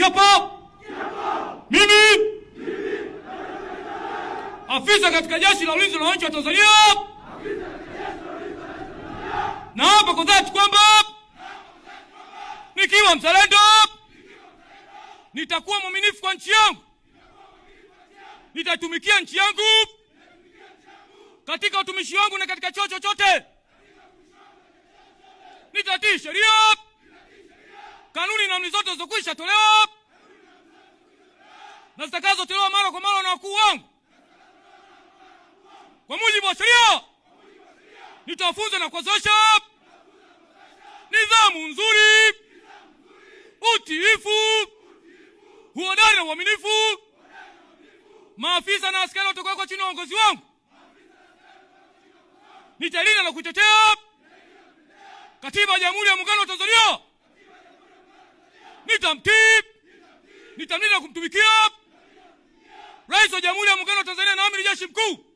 Kiapo. Mimi. Afisa katika jeshi la ulinzi la nchi wa Tanzania. Afisa na hapa kwa dhati kwamba nikiwa mzalendo nitakuwa mwaminifu kwa nchi yangu, nitatumikia nchi yangu katika utumishi wangu na katika choo chochote, nitatii sheria kanuni zote zilizokwisha tolewa na zitakazotolewa mara kwa mara na wakuu wangu kwa mujibu wa sheria, nitafunza na kuwazoesha nidhamu nzuri, utiifu, uhodari na uaminifu. Maafisa na askari watakaokuwa chini ya uongozi wangu nitalinda na kuitetea katiba ya Jamhuri ya Muungano wa Tanzania nitamtii, nitamlinda na kumtumikia Rais wa Jamhuri ya Muungano wa Tanzania na Amiri Jeshi Mkuu